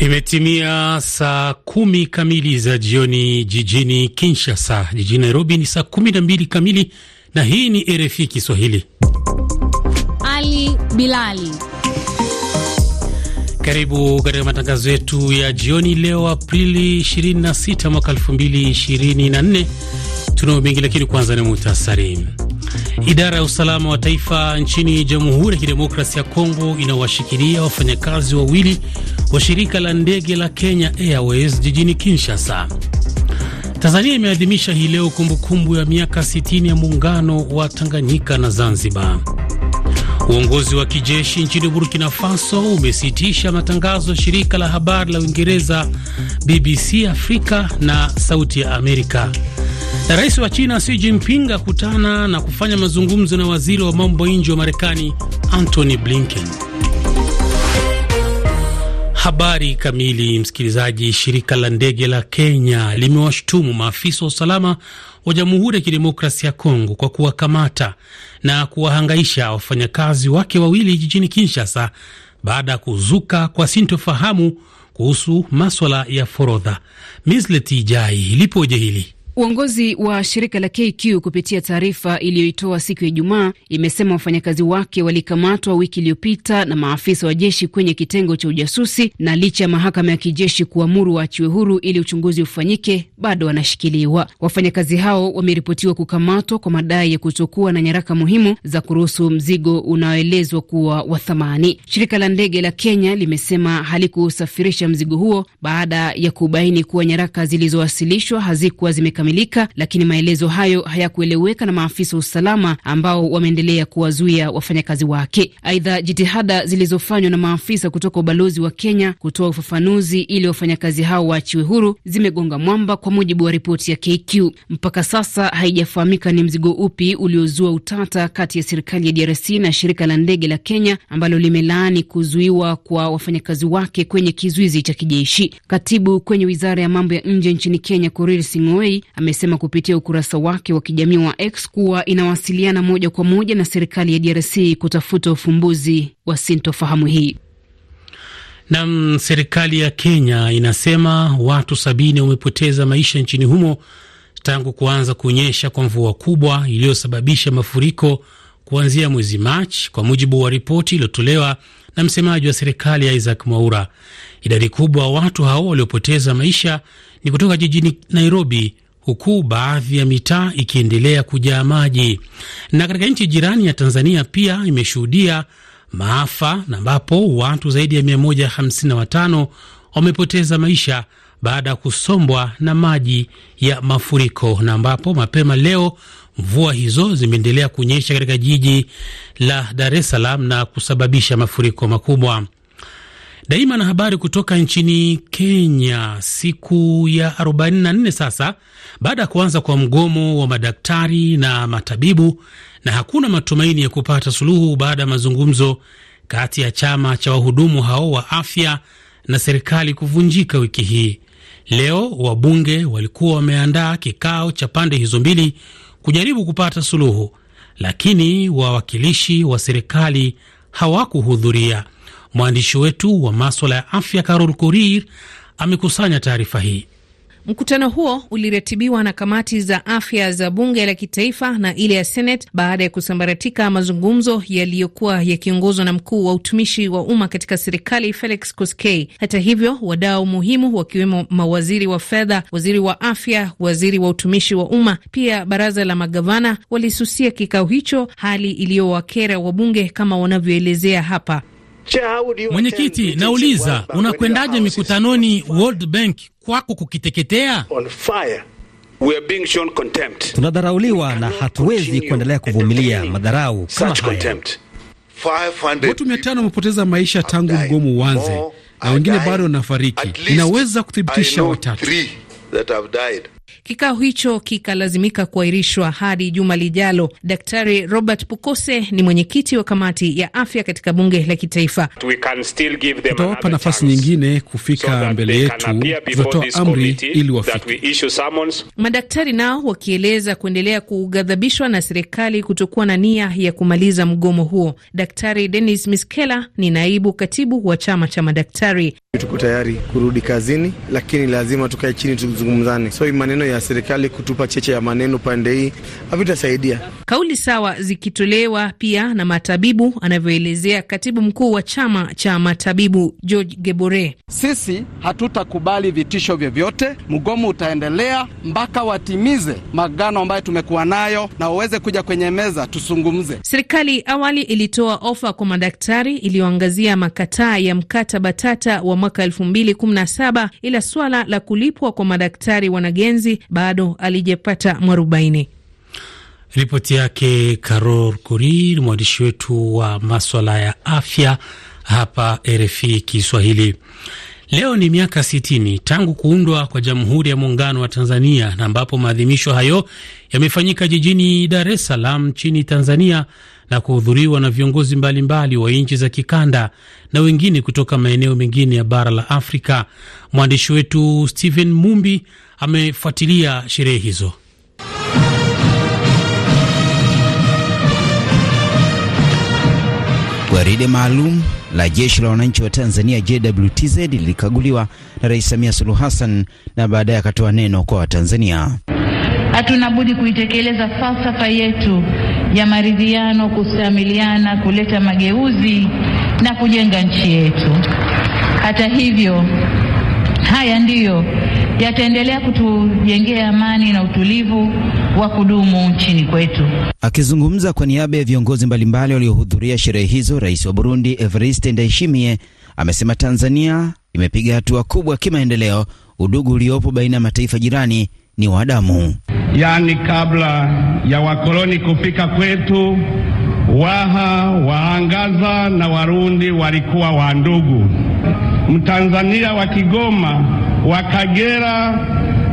Imetimia saa kumi kamili za jioni jijini Kinshasa. Jijini Nairobi ni saa kumi na mbili kamili, na hii ni RFI Kiswahili. Ali Bilali, karibu katika matangazo yetu ya jioni leo Aprili 26 mwaka 2024. Tunao mengi lakini kwanza ni muhtasari. Idara ya usalama wa taifa nchini Jamhuri ya Kidemokrasia ya Kongo inawashikilia wafanyakazi wawili wa shirika la ndege la Kenya Airways jijini Kinshasa. Tanzania imeadhimisha hii leo kumbukumbu ya miaka 60 ya muungano wa Tanganyika na Zanzibar. Uongozi wa kijeshi nchini Burkina Faso umesitisha matangazo ya shirika la habari la Uingereza BBC Afrika na Sauti ya Amerika. Na rais wa China Xi Jinping akutana na kufanya mazungumzo na waziri wa mambo ya nje wa Marekani Antony Blinken. Habari kamili, msikilizaji. Shirika la ndege la Kenya limewashtumu maafisa wa usalama wa Jamhuri ya Kidemokrasia ya Kongo kwa kuwakamata na kuwahangaisha wafanyakazi wake wawili jijini Kinshasa baada ya kuzuka kwa sintofahamu kuhusu maswala ya forodha. Misleti Jai, lipoje hili? Uongozi wa shirika la KQ kupitia taarifa iliyoitoa siku ya Ijumaa imesema wafanyakazi wake walikamatwa wiki iliyopita na maafisa wa jeshi kwenye kitengo cha ujasusi, na licha ya mahakama ya kijeshi kuamuru waachiwe huru ili uchunguzi ufanyike, bado wanashikiliwa. Wafanyakazi hao wameripotiwa kukamatwa kwa madai ya kutokuwa na nyaraka muhimu za kuruhusu mzigo unaoelezwa kuwa wa thamani. Shirika la ndege la Kenya limesema halikusafirisha mzigo huo baada ya kubaini kuwa nyaraka zilizowasilishwa hazikuwa zimekam kukamilika, lakini maelezo hayo hayakueleweka na maafisa wa usalama ambao wameendelea kuwazuia wafanyakazi wake. Aidha, jitihada zilizofanywa na maafisa kutoka ubalozi wa Kenya kutoa ufafanuzi ili wafanyakazi hao waachiwe huru zimegonga mwamba, kwa mujibu wa ripoti ya KQ. Mpaka sasa haijafahamika ni mzigo upi uliozua utata kati ya serikali ya DRC na shirika la ndege la Kenya ambalo limelaani kuzuiwa kwa wafanyakazi wake kwenye kizuizi cha kijeshi. Katibu kwenye wizara ya mambo ya nje nchini Kenya, Korir Sing'oei amesema kupitia ukurasa wake wa kijamii wa X kuwa inawasiliana moja kwa moja na serikali ya DRC kutafuta ufumbuzi wa sintofahamu hii. Nam, serikali ya Kenya inasema watu sabini wamepoteza maisha nchini humo tangu kuanza kunyesha kwa mvua kubwa iliyosababisha mafuriko kuanzia mwezi Machi, kwa mujibu wa ripoti iliyotolewa na msemaji wa serikali Isaac Mwaura. Idadi kubwa watu hao waliopoteza maisha ni kutoka jijini Nairobi, huku baadhi ya mitaa ikiendelea kujaa maji. Na katika nchi jirani ya Tanzania pia imeshuhudia maafa na ambapo watu zaidi ya 155 wamepoteza maisha baada ya kusombwa na maji ya mafuriko, na ambapo mapema leo mvua hizo zimeendelea kunyesha katika jiji la Dar es Salaam na kusababisha mafuriko makubwa. Daima na habari kutoka nchini Kenya. Siku ya 44 sasa baada ya kuanza kwa mgomo wa madaktari na matabibu, na hakuna matumaini ya kupata suluhu baada ya mazungumzo kati ya chama cha wahudumu hao wa afya na serikali kuvunjika wiki hii. Leo wabunge walikuwa wameandaa kikao cha pande hizo mbili kujaribu kupata suluhu, lakini wawakilishi wa serikali hawakuhudhuria. Mwandishi wetu wa maswala ya afya Carol Korir amekusanya taarifa hii. Mkutano huo uliratibiwa na kamati za afya za bunge la kitaifa na ile ya Senate baada ya kusambaratika mazungumzo yaliyokuwa yakiongozwa na mkuu wa utumishi wa umma katika serikali Felix Koskei. Hata hivyo, wadau muhimu wakiwemo mawaziri wa fedha, waziri wa afya, waziri wa utumishi wa umma, pia baraza la magavana, walisusia kikao hicho, hali iliyowakera wabunge kama wanavyoelezea hapa. Mwenyekiti, nauliza unakwendaje mikutanoni World Bank kwako kukiteketea? Tunadharauliwa na hatuwezi kuendelea kuvumilia madharau kama haya. Watu mia tano wamepoteza maisha tangu mgomo uanze na wengine bado wanafariki. Inaweza kuthibitisha watatu Kikao hicho kikalazimika kuahirishwa hadi juma lijalo. Daktari Robert Pukose ni mwenyekiti wa kamati ya afya katika bunge la kitaifa. Tutawapa nafasi nyingine kufika so mbele yetu, tutatoa amri ili wafike. Madaktari nao wakieleza kuendelea kughadhabishwa na serikali kutokuwa na nia ya kumaliza mgomo huo. Daktari denis Miskela ni naibu katibu wa chama cha madaktari. Tuko tayari kurudi kazini, lakini lazima tukae chini tuzungumzane. So, maneno ya serikali kutupa cheche ya maneno pande hii havitasaidia. Kauli sawa zikitolewa pia na matabibu, anavyoelezea katibu mkuu wa chama cha matabibu George Gebore. Sisi hatutakubali vitisho vyovyote, mgomo utaendelea mpaka watimize magano ambayo tumekuwa nayo na waweze kuja kwenye meza tusungumze Serikali awali ilitoa ofa kwa madaktari iliyoangazia makataa ya mkataba tata wa mwaka 2017 ila swala la kulipwa kwa madaktari wanagenzi mwezi bado alijepata mwarobaini. Ripoti yake Carol Kurir, mwandishi wetu wa maswala ya afya hapa RFI Kiswahili. Leo ni miaka 60 tangu kuundwa kwa Jamhuri ya Muungano wa Tanzania, na ambapo maadhimisho hayo yamefanyika jijini Dar es Salaam nchini Tanzania na kuhudhuriwa na viongozi mbalimbali wa nchi za kikanda na wengine kutoka maeneo mengine ya bara la Afrika. Mwandishi wetu Stephen Mumbi amefuatilia sherehe hizo. Gwaride maalum la jeshi la wananchi wa Tanzania JWTZ lilikaguliwa na Rais Samia Suluhu Hassan na baadaye akatoa neno kwa Watanzania. Hatuna budi kuitekeleza falsafa yetu ya maridhiano, kustamiliana, kuleta mageuzi na kujenga nchi yetu. Hata hivyo, haya ndiyo yataendelea kutujengea amani na utulivu wa kudumu nchini kwetu. Akizungumza kwa niaba ya viongozi mbalimbali waliohudhuria sherehe hizo, Rais wa Burundi Evariste Ndayishimiye amesema Tanzania imepiga hatua kubwa kimaendeleo, udugu uliopo baina ya mataifa jirani ni wadamu, yaani kabla ya wakoloni kufika kwetu Waha, Waangaza na Warundi walikuwa wandugu. Mtanzania wa Kigoma, wa Kagera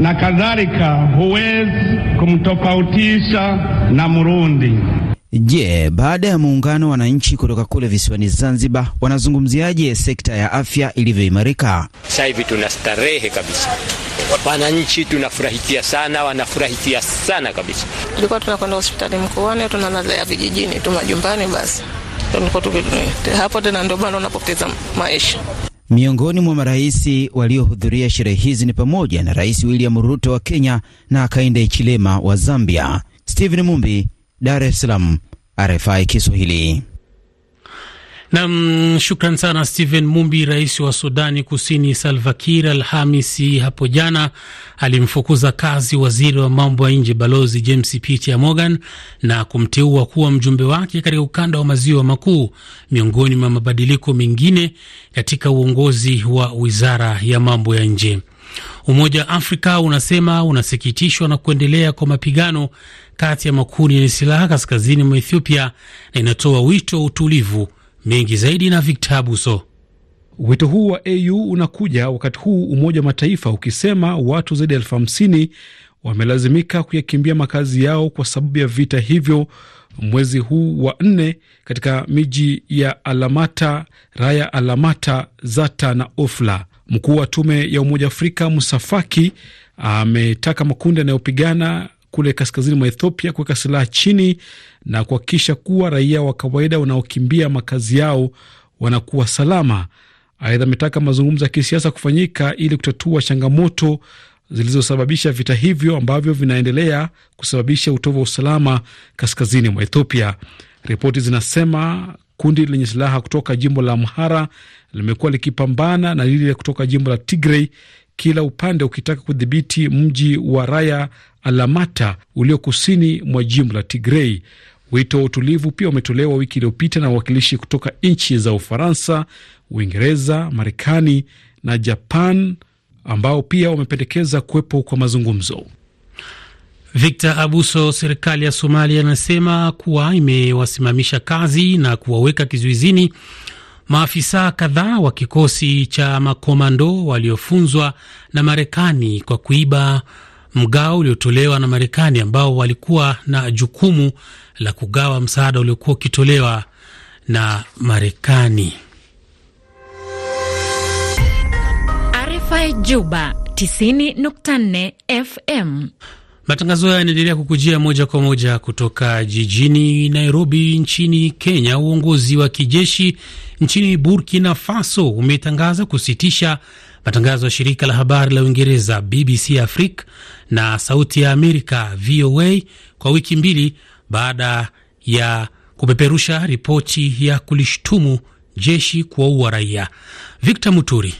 na kadhalika, huwezi kumtofautisha na Murundi. Je, baada ya muungano wananchi kutoka kule visiwani Zanzibar wanazungumziaje sekta ya afya ilivyoimarika? Sasa hivi tuna starehe kabisa, wananchi tunafurahikia sana, wanafurahikia sana kabisa. Tulikuwa tunakwenda hospitali mkoani, tunalala vijijini tu majumbani, basi hapo tena ndio bado unapoteza maisha. Miongoni mwa marais waliohudhuria sherehe hizi ni pamoja na Rais William Ruto wa Kenya na Hakainde Hichilema wa Zambia. Steven Mumbi, Dar es Salaam, RFI Kiswahili. Nam, shukran sana Stephen Mumbi. Rais wa Sudani Kusini Salva Kiir Alhamisi hapo jana alimfukuza kazi waziri wa mambo ya nje Balozi James Pitia Morgan na kumteua kuwa mjumbe wake katika ukanda wa maziwa makuu, miongoni mwa mabadiliko mengine katika uongozi wa wizara ya mambo ya nje. Umoja wa Afrika unasema unasikitishwa na kuendelea kwa mapigano kati ya makundi yenye silaha kaskazini mwa Ethiopia na inatoa wito wa utulivu. Mengi zaidi na Victor Abuso. Wito huu wa AU unakuja wakati huu Umoja wa Mataifa ukisema watu zaidi ya elfu hamsini wamelazimika kuyakimbia makazi yao kwa sababu ya vita hivyo mwezi huu wa nne katika miji ya Alamata, Raya Alamata, Zata na Ofla. Mkuu wa tume ya Umoja wa Afrika Musafaki ametaka makundi yanayopigana kule kaskazini mwa Ethiopia kuweka silaha chini na kuhakikisha kuwa raia wa kawaida wanaokimbia makazi yao wanakuwa salama. Aidha, ametaka mazungumzo ya kisiasa kufanyika ili kutatua changamoto zilizosababisha vita hivyo ambavyo vinaendelea kusababisha utovu wa usalama kaskazini mwa Ethiopia. Ripoti zinasema kundi lenye silaha kutoka jimbo la Amhara limekuwa likipambana na lile kutoka jimbo la Tigray kila upande ukitaka kudhibiti mji wa Raya Alamata ulio kusini mwa jimbo la Tigrei. Wito wa utulivu pia umetolewa wiki iliyopita na wawakilishi kutoka nchi za Ufaransa, Uingereza, Marekani na Japan ambao pia wamependekeza kuwepo kwa mazungumzo. Victor Abuso, serikali ya Somalia inasema kuwa imewasimamisha kazi na kuwaweka kizuizini Maafisa kadhaa wa kikosi cha makomando waliofunzwa na Marekani kwa kuiba mgao uliotolewa na Marekani ambao walikuwa na jukumu la kugawa msaada uliokuwa ukitolewa na Marekani. RFI Juba 90.4 FM. Matangazo haya yanaendelea kukujia moja kwa moja kutoka jijini Nairobi nchini Kenya. Uongozi wa kijeshi nchini Burkina Faso umetangaza kusitisha matangazo ya shirika la habari la Uingereza BBC Africa na Sauti ya Amerika VOA kwa wiki mbili baada ya kupeperusha ripoti ya kulishtumu jeshi kuwaua raia. Victor Muturi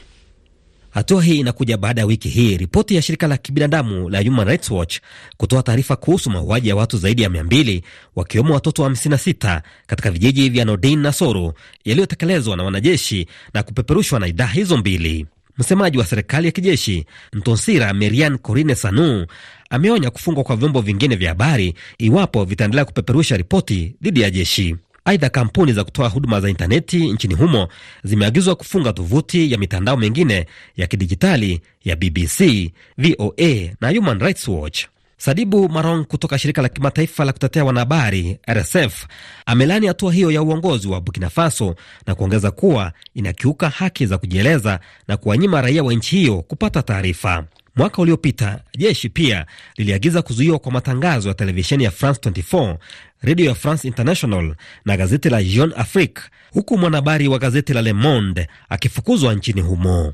Hatua hii inakuja baada ya wiki hii ripoti ya shirika la kibinadamu la Human Rights Watch kutoa taarifa kuhusu mauaji ya watu zaidi ya 200 wakiwemo watoto 56 katika vijiji vya Nordin na Soro yaliyotekelezwa na wanajeshi na kupeperushwa na idhaa hizo mbili. Msemaji wa serikali ya kijeshi Ntonsira Merian Corine Sanu ameonya kufungwa kwa vyombo vingine vya habari iwapo vitaendelea kupeperusha ripoti dhidi ya jeshi. Aidha, kampuni za kutoa huduma za intaneti nchini humo zimeagizwa kufunga tovuti ya mitandao mengine ya kidijitali ya BBC, VOA na Human Rights Watch. Sadibu Marong kutoka shirika la kimataifa la kutetea wanahabari RSF amelani hatua hiyo ya uongozi wa Burkina Faso na kuongeza kuwa inakiuka haki za kujieleza na kuwanyima raia wa nchi hiyo kupata taarifa. Mwaka uliopita jeshi pia liliagiza kuzuiwa kwa matangazo ya televisheni ya France 24, redio ya France International na gazeti la Jeune Afrique, huku mwanahabari wa gazeti la Le Monde akifukuzwa nchini humo.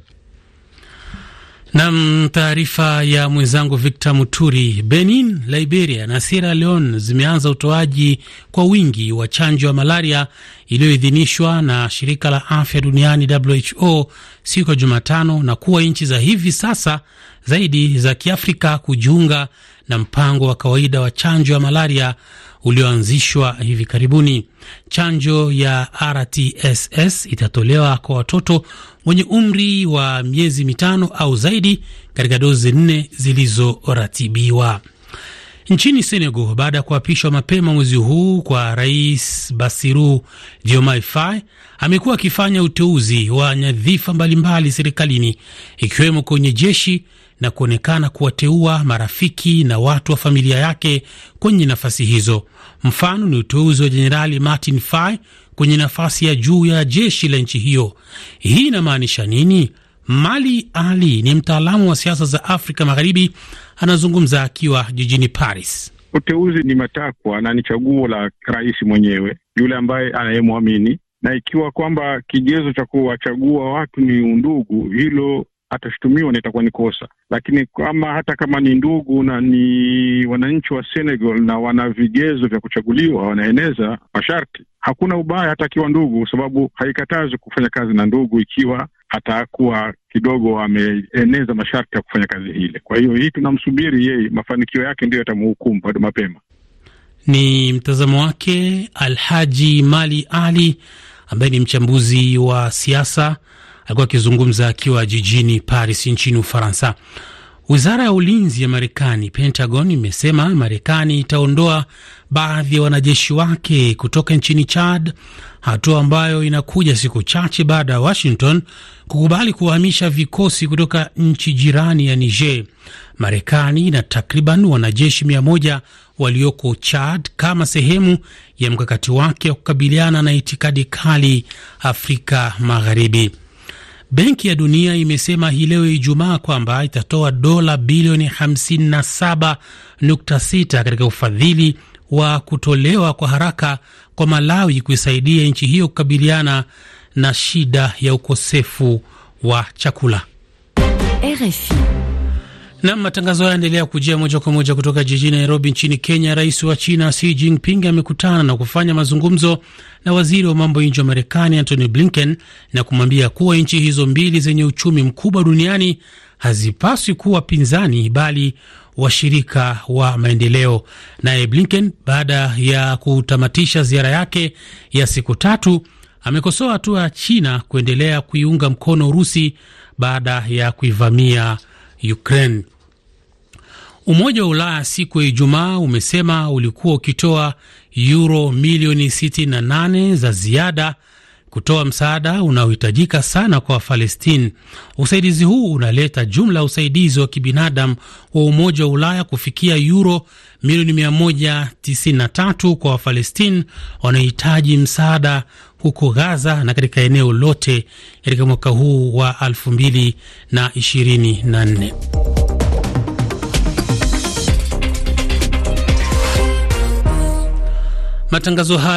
Nam, taarifa ya mwenzangu Victor Muturi. Benin, Liberia na Sierra Leone zimeanza utoaji kwa wingi wa chanjo ya malaria iliyoidhinishwa na shirika la afya duniani WHO siku ya Jumatano na kuwa nchi za hivi sasa zaidi za Kiafrika kujiunga na mpango wa kawaida wa chanjo ya malaria ulioanzishwa hivi karibuni. Chanjo ya RTSS itatolewa kwa watoto wenye umri wa miezi mitano au zaidi katika dozi nne zilizoratibiwa. Nchini Senegal, baada ya kuapishwa mapema mwezi huu kwa Rais Bassirou Diomaye Faye, amekuwa akifanya uteuzi wa nyadhifa mbalimbali serikalini, ikiwemo kwenye jeshi na kuonekana kuwateua marafiki na watu wa familia yake kwenye nafasi hizo. Mfano ni uteuzi wa Jenerali Martin Fai kwenye nafasi ya juu ya jeshi la nchi hiyo. Hii inamaanisha nini? Mali Ali ni mtaalamu wa siasa za Afrika Magharibi, anazungumza akiwa jijini Paris. Uteuzi ni matakwa na ni chaguo la rais mwenyewe yule ambaye anayemwamini, na ikiwa kwamba kigezo cha kuwachagua watu ni undugu, hilo atashutumiwa na itakuwa ni kosa, lakini kama hata kama ni ndugu na ni wananchi wa Senegal na wana vigezo vya kuchaguliwa, wanaeneza masharti, hakuna ubaya hata akiwa ndugu, kwa sababu haikatazi kufanya kazi na ndugu ikiwa atakuwa kidogo ameeneza masharti ya kufanya kazi hile. Kwa hiyo hii tunamsubiri yeye, mafanikio yake ndiyo yatamhukumu bado mapema. Ni mtazamo wake Alhaji Mali Ali ambaye ni mchambuzi wa siasa Alikuwa akizungumza akiwa jijini Paris nchini Ufaransa. Wizara ya ulinzi ya Marekani, Pentagon, imesema Marekani itaondoa baadhi ya wanajeshi wake kutoka nchini Chad, hatua ambayo inakuja siku chache baada ya Washington kukubali kuhamisha vikosi kutoka nchi jirani ya Niger. Marekani ina takriban wanajeshi mia moja walioko Chad kama sehemu ya mkakati wake wa kukabiliana na itikadi kali Afrika Magharibi. Benki ya Dunia imesema hii leo Ijumaa kwamba itatoa dola bilioni 57.6 katika ufadhili wa kutolewa kwa haraka kwa Malawi kuisaidia nchi hiyo kukabiliana na shida ya ukosefu wa chakula. RFI. Nam, matangazo haya yaendelea kujia moja kwa moja kutoka jijini Nairobi nchini Kenya. Rais wa China Xi Jinping amekutana na kufanya mazungumzo na waziri wa mambo ya nje wa Marekani Antony Blinken na kumwambia kuwa nchi hizo mbili zenye uchumi mkubwa duniani hazipaswi kuwa pinzani, bali washirika wa maendeleo. Naye Blinken, baada ya kutamatisha ziara yake ya siku tatu, amekosoa hatua ya China kuendelea kuiunga mkono Urusi baada ya kuivamia Ukraine. Umoja wa Ulaya siku ya Ijumaa umesema ulikuwa ukitoa uro milioni 68 za ziada kutoa msaada unaohitajika sana kwa wafalestini Usaidizi huu unaleta jumla ya usaidizi wa kibinadamu wa Umoja wa Ulaya kufikia yuro milioni 193 kwa wafalestini wanaohitaji msaada huko Gaza na katika eneo lote katika mwaka huu wa 2024. Matangazo haya